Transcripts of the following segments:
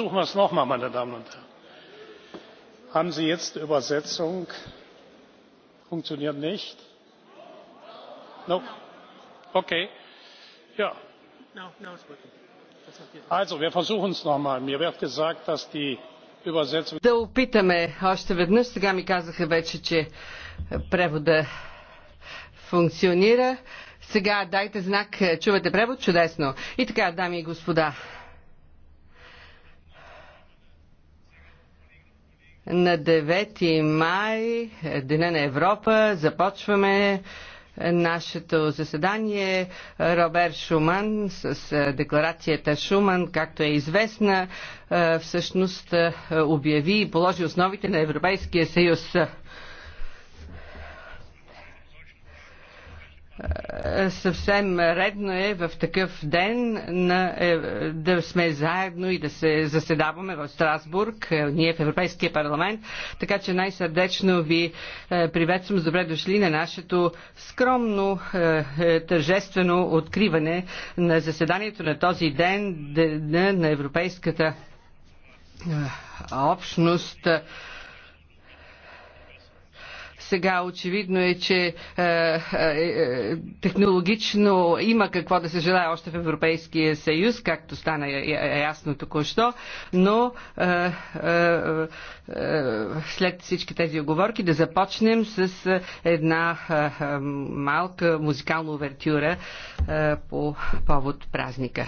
versuchen wir es noch einmal meine damen und herren. haben sie jetzt übersetzung? funktioniert nicht? okay. also wir versuchen es noch einmal. mir wird gesagt dass die übersetzung. да опитаме още веднъж. сега ми казаха вече че превода функционира. Сега дайте знак, чувате превод, чудесно. И така, дами и господа, На 9 май, Деня на Европа, започваме нашето заседание. Робер Шуман с е, декларацията Шуман, както е известна, е, всъщност е, обяви и положи основите на Европейския съюз. Е, съвсем редно е в такъв ден на, е, да сме заедно и да се заседаваме в Страсбург, е, ние в Европейския парламент, така че най-сърдечно ви приветствам с добре дошли на нашето скромно тържествено откриване на заседанието на този ден, ден на Европейската общност. Сега очевидно е, че е, е, е, технологично има какво да се желая още в Европейския съюз, както стана ясно току-що, но е, е, е, след всички тези оговорки да започнем с е, една е, е, малка музикална увертюра е, по повод празника.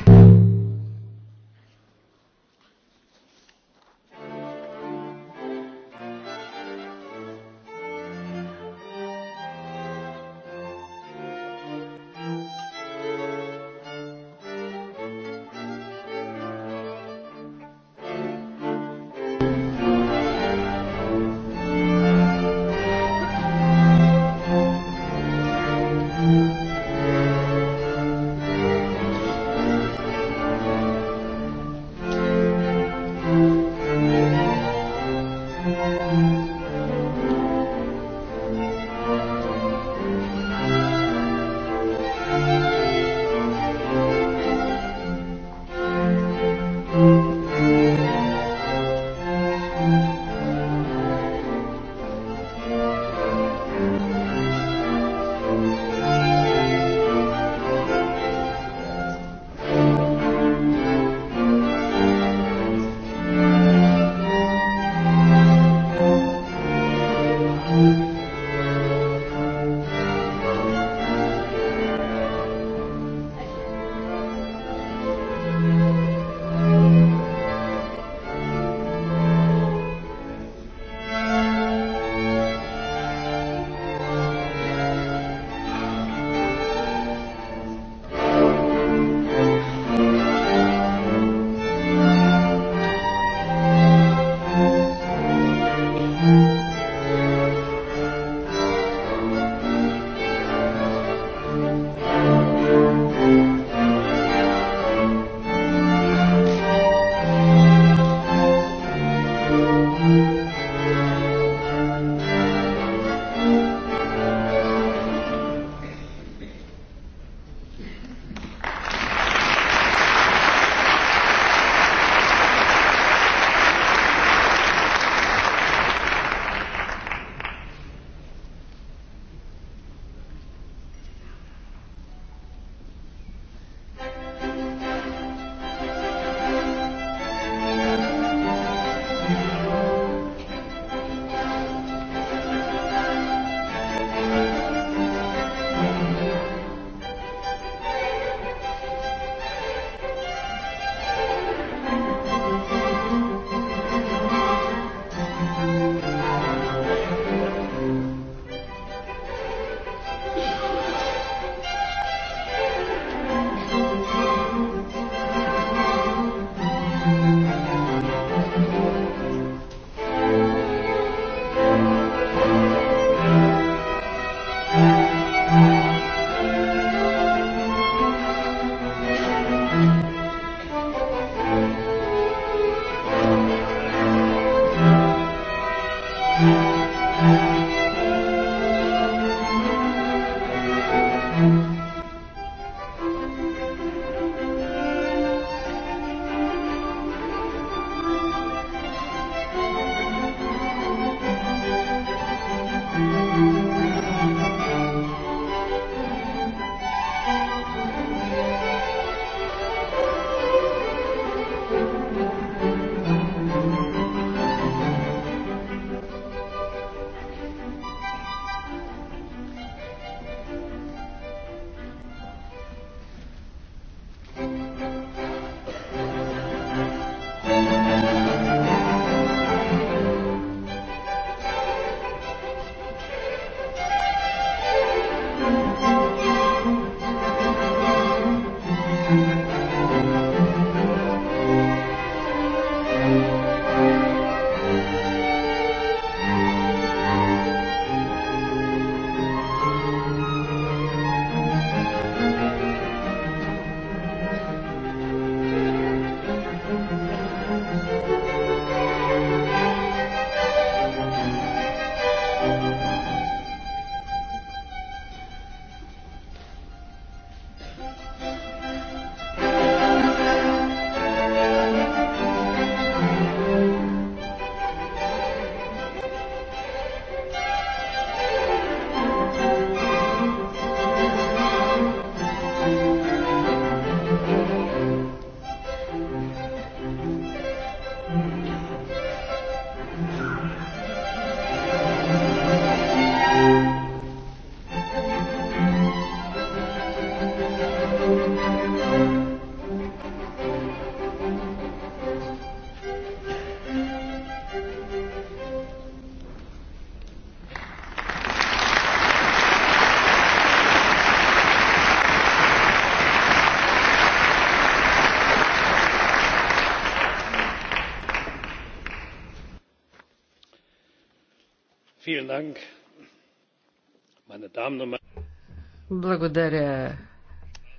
Благодаря,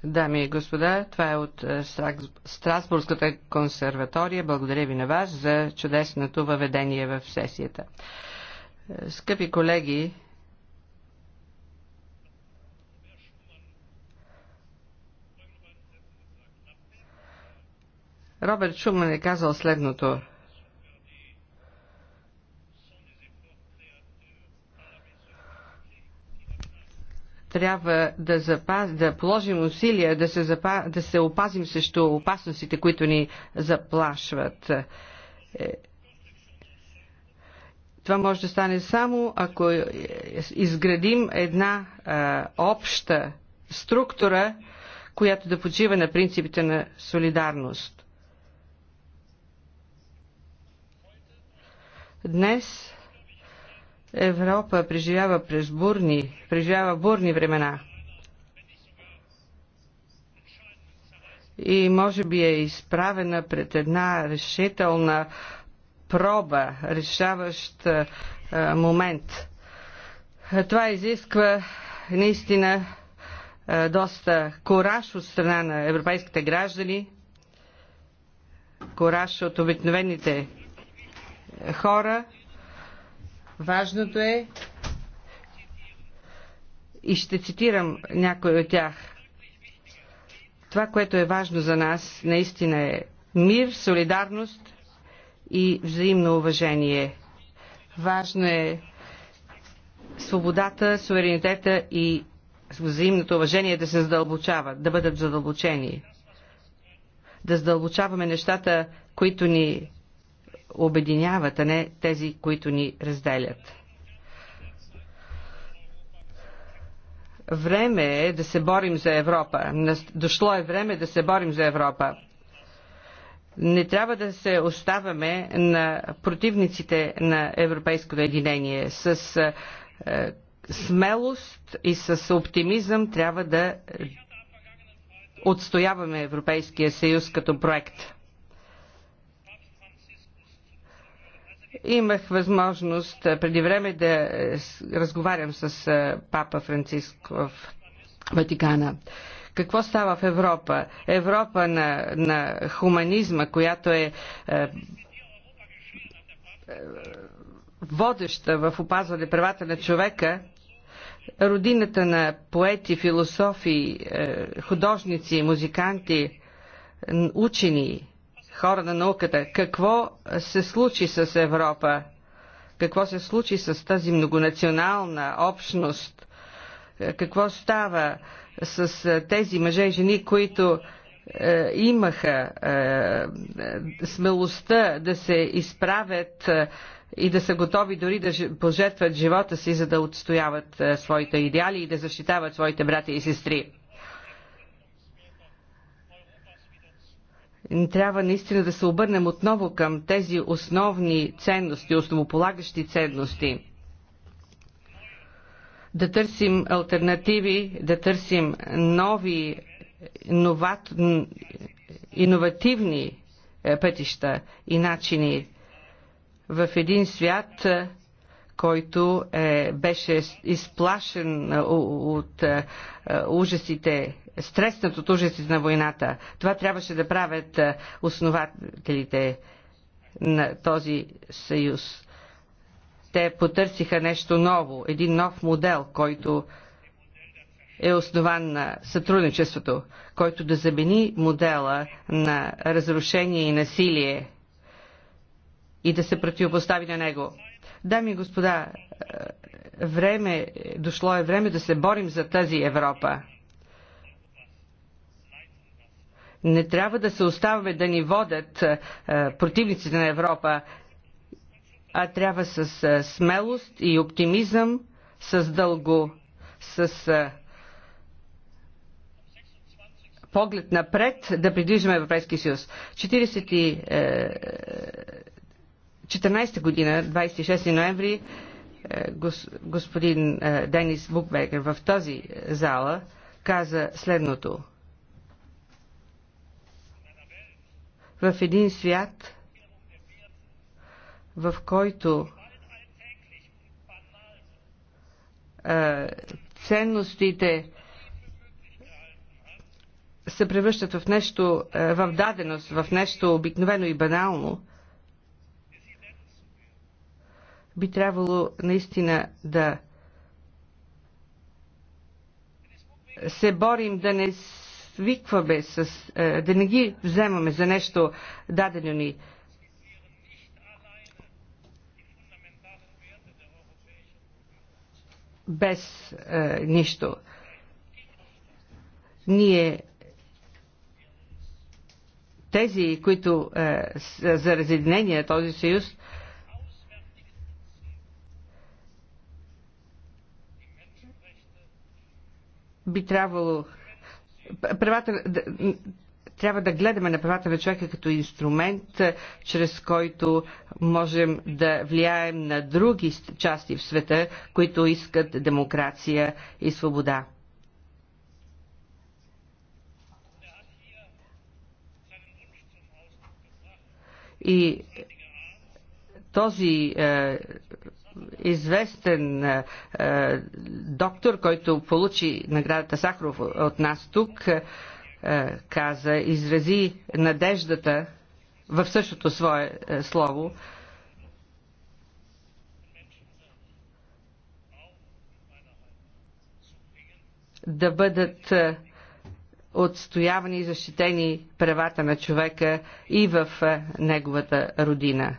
дами и господа. Това е от е, Страсбургската консерватория. Благодаря ви на вас за чудесното въведение в сесията. Е, скъпи колеги, Роберт Шуман е казал следното. трябва да, запаз, да положим усилия да се, запаз, да се опазим срещу опасностите, които ни заплашват. Е, това може да стане само ако е, изградим една а, е, обща структура, която да почива на принципите на солидарност. Днес Европа преживява през бурни, преживява бурни времена. И може би е изправена пред една решителна проба, решаващ а, момент. Това изисква наистина а, доста кораж от страна на европейските граждани, кораж от обикновените хора, Важното е и ще цитирам някой от тях. Това, което е важно за нас, наистина е мир, солидарност и взаимно уважение. Важно е свободата, суверенитета и взаимното уважение да се задълбочават, да бъдат задълбочени. Да задълбочаваме нещата, които ни обединяват, а не тези, които ни разделят. Време е да се борим за Европа. Дошло е време да се борим за Европа. Не трябва да се оставаме на противниците на европейското единение. С е, е, смелост и с оптимизъм трябва да отстояваме Европейския съюз като проект. Имах възможност преди време да е, разговарям с папа Франциск в Ватикана. Какво става в Европа? Европа на, на хуманизма, която е, е водеща в опазване правата на човека, родината на поети, философи, е, художници, музиканти, учени, хора на науката. Какво се случи с Европа? Какво се случи с тази многонационална общност? Какво става с е, тези мъже и жени, които е, имаха е, е, смелостта да се изправят е, и да са готови дори да пожертват живота си, за да отстояват е, своите идеали и да защитават своите братя и сестри? трябва наистина да се обърнем отново към тези основни ценности, основополагащи ценности. Да търсим альтернативи, да търсим нови, новат, иновативни е, пътища и начини в един свят, който е, беше изплашен е, от е, е, ужасите, стреснат от ужасите на войната. Това трябваше да правят основателите на този съюз. Те потърсиха нещо ново, един нов модел, който е основан на сътрудничеството, който да замени модела на разрушение и насилие и да се противопостави на него. Дами и господа, е, време, дошло е време да се борим за тази Европа. Не трябва да се оставаме да ни водят е, противниците на Европа, а трябва с е, смелост и оптимизъм, с дълго, с поглед напред да придвижим Европейския съюз. 2014 година, 26 ноември, е, господин е, Денис Букбекер в този зала каза следното. В един свят, в който е, ценностите се превръщат в нещо, в даденост, в нещо обикновено и банално, би трябвало наистина да се борим да не свикваме с, е, да не ги вземаме за нещо дадено ни. без е, нищо. Ние, тези, които е, са за разединение този съюз, би трябвало правата, трябва да гледаме на правата на човека като инструмент, е, чрез който можем да влияем на други части в света, които искат демокрация и свобода. И този е, известен е, е, доктор, който получи наградата Сахаров от нас тук, е, каза, изрази надеждата в същото свое е, слово, да бъдат е, отстоявани и защитени правата на човека и в е, неговата родина.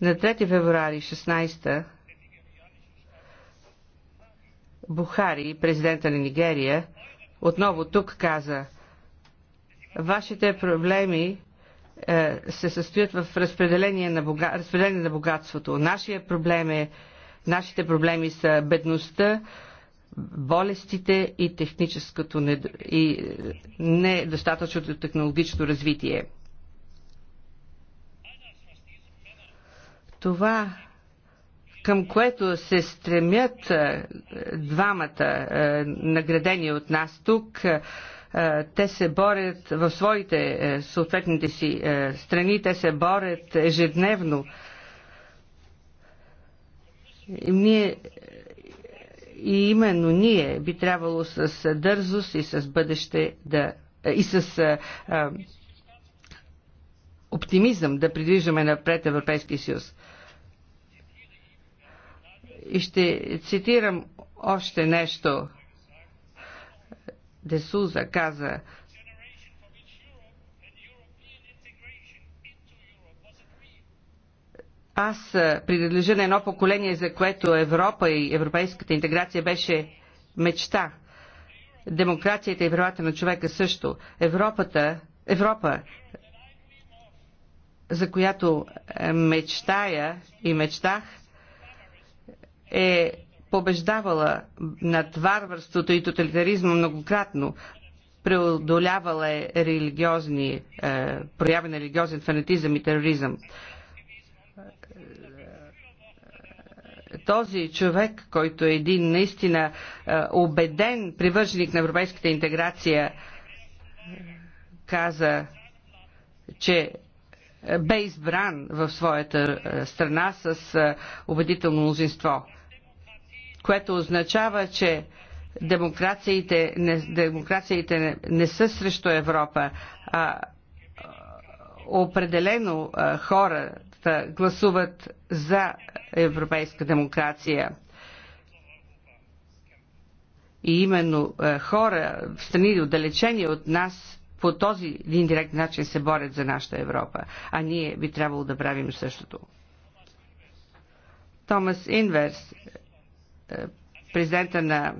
На 3 февруари 16 Бухари, президента на Нигерия, отново тук каза, вашите проблеми е, се състоят в разпределение на, бога... разпределение на богатството. Нашия проблем е, нашите проблеми са бедността, болестите и техническото недо... и е, недостатъчното технологично развитие. Това, към което се стремят е, двамата е, наградени от нас тук, е, те се борят в своите съответните си страни, те се борят ежедневно. Ние и именно ние би трябвало с дързост и с бъдеще да и с а, оптимизъм да придвижваме напред Европейския съюз. И ще цитирам още нещо. Десуза каза, аз принадлежа на едно поколение, за което Европа и европейската интеграция беше мечта. Демокрацията и правата на човека също. Европата, Европа за която е, мечтая и мечтах, е побеждавала над варварството и тоталитаризма многократно, преодолявала е религиозни, е, прояви на религиозен фанатизъм и тероризъм. Този човек, който е един наистина е, убеден привърженик на европейската интеграция, каза, че е, бе избран в своята е, страна с е, убедително мнозинство, което означава, че демокрациите не, демокрациите не, не са срещу Европа, а определено хората гласуват за европейска демокрация. И именно хора в страни отдалечени от нас по този един директ начин се борят за нашата Европа, а ние би трябвало да правим същото. Томас Инверс, е, президента на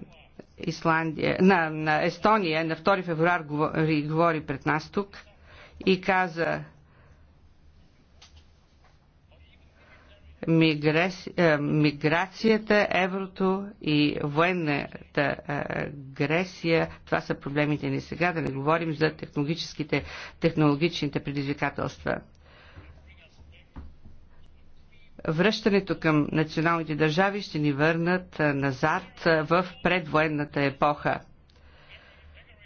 Исландия, на, на Естония на 2 февруар говори, говори пред нас тук и каза Е, миграцията, еврото и военната е, агресия. Това са проблемите ни сега, да не говорим за технологическите, технологичните предизвикателства. Връщането към националните държави ще ни върнат е, назад в предвоенната епоха.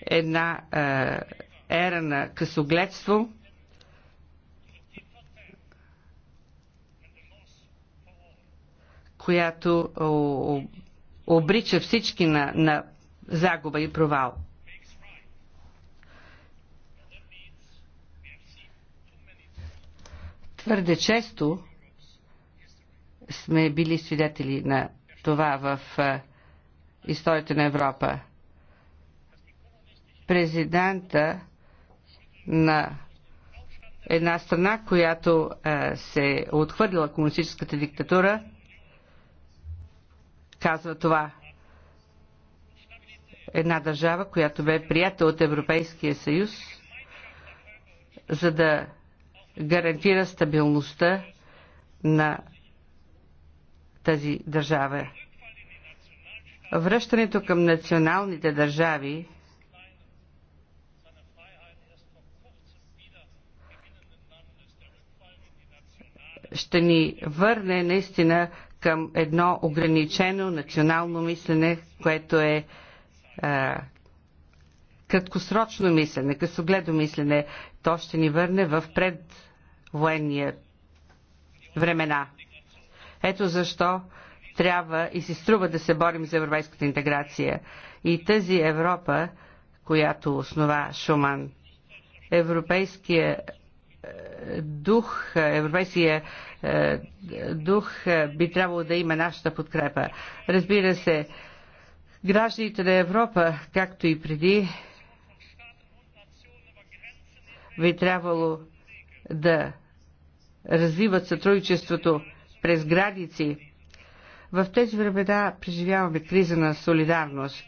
Една ера на късогледство – която обрича всички на, на загуба и провал. Твърде често сме били свидетели на това в е, историята на Европа. Президента на една страна, която е, се е отхвърлила комунистическата диктатура, казва това. Една държава, която бе приятел от Европейския съюз, за да гарантира стабилността на тази държава. Връщането към националните държави ще ни върне наистина към едно ограничено национално мислене, което е а, краткосрочно мислене, късогледо мислене. То ще ни върне в предвоенния времена. Ето защо трябва и си струва да се борим за европейската интеграция. И тази Европа, която основа Шуман, европейския дух, европейския е, дух би трябвало да има нашата подкрепа. Разбира се, гражданите на Европа, както и преди, би трябвало да развиват сътрудничеството през граници. В тези времена преживяваме криза на солидарност.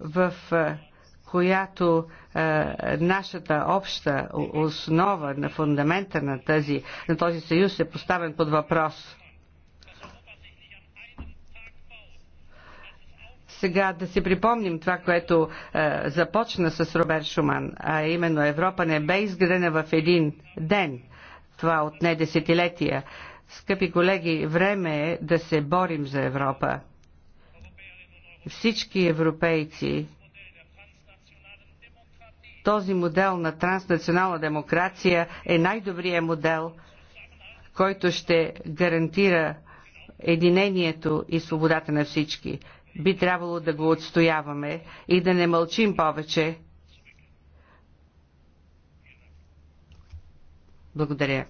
В е, която е, нашата обща основа на фундамента на, тази, на този съюз е поставен под въпрос. Сега да си припомним това, което е, започна с Роберт Шуман, а именно Европа не бе изградена в един ден. Това отне десетилетия. Скъпи колеги, време е да се борим за Европа. Всички европейци този модел на транснационална демокрация е най-добрият модел, който ще гарантира единението и свободата на всички. Би трябвало да го отстояваме и да не мълчим повече. Благодаря.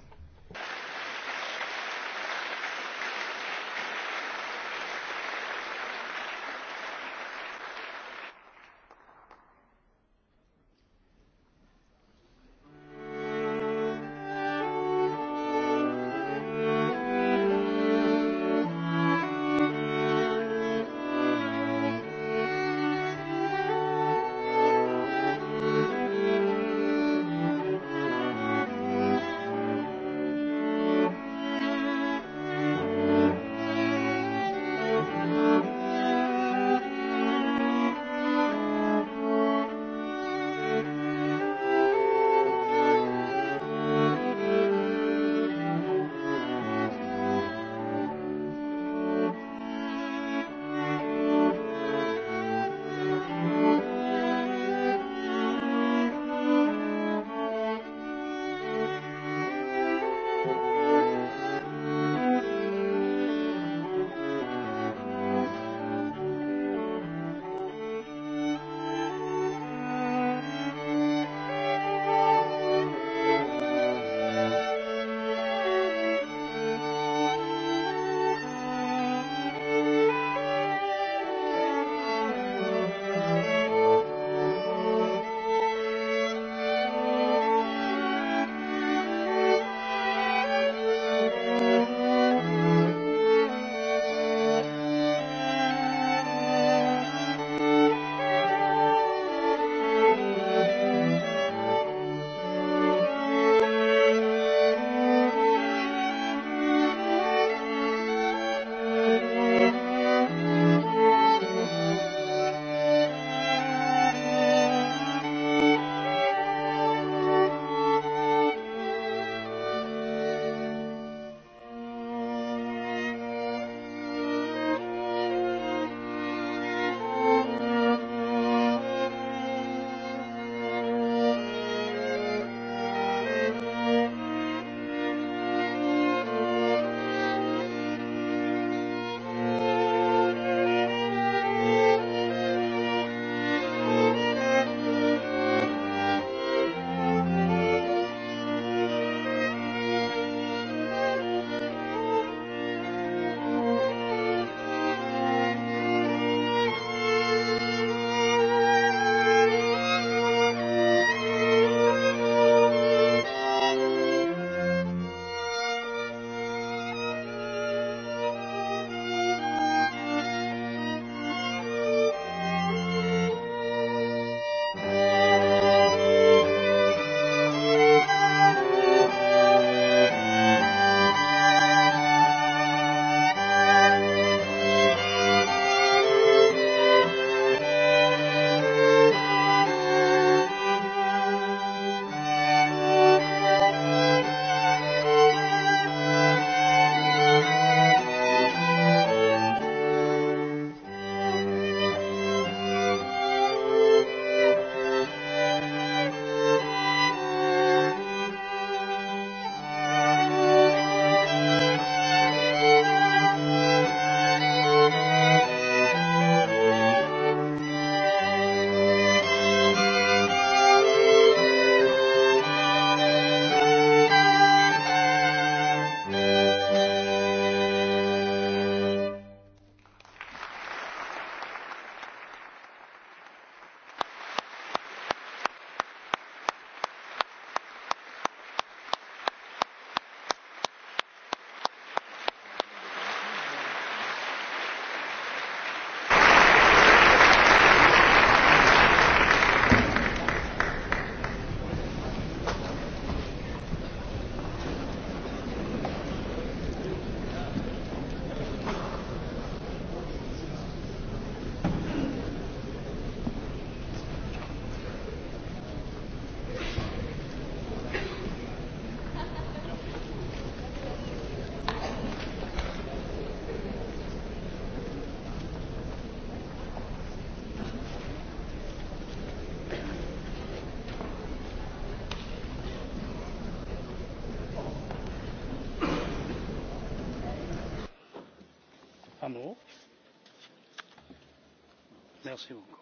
Merci beaucoup.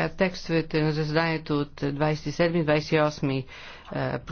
Текстовете на заседанието от 27-28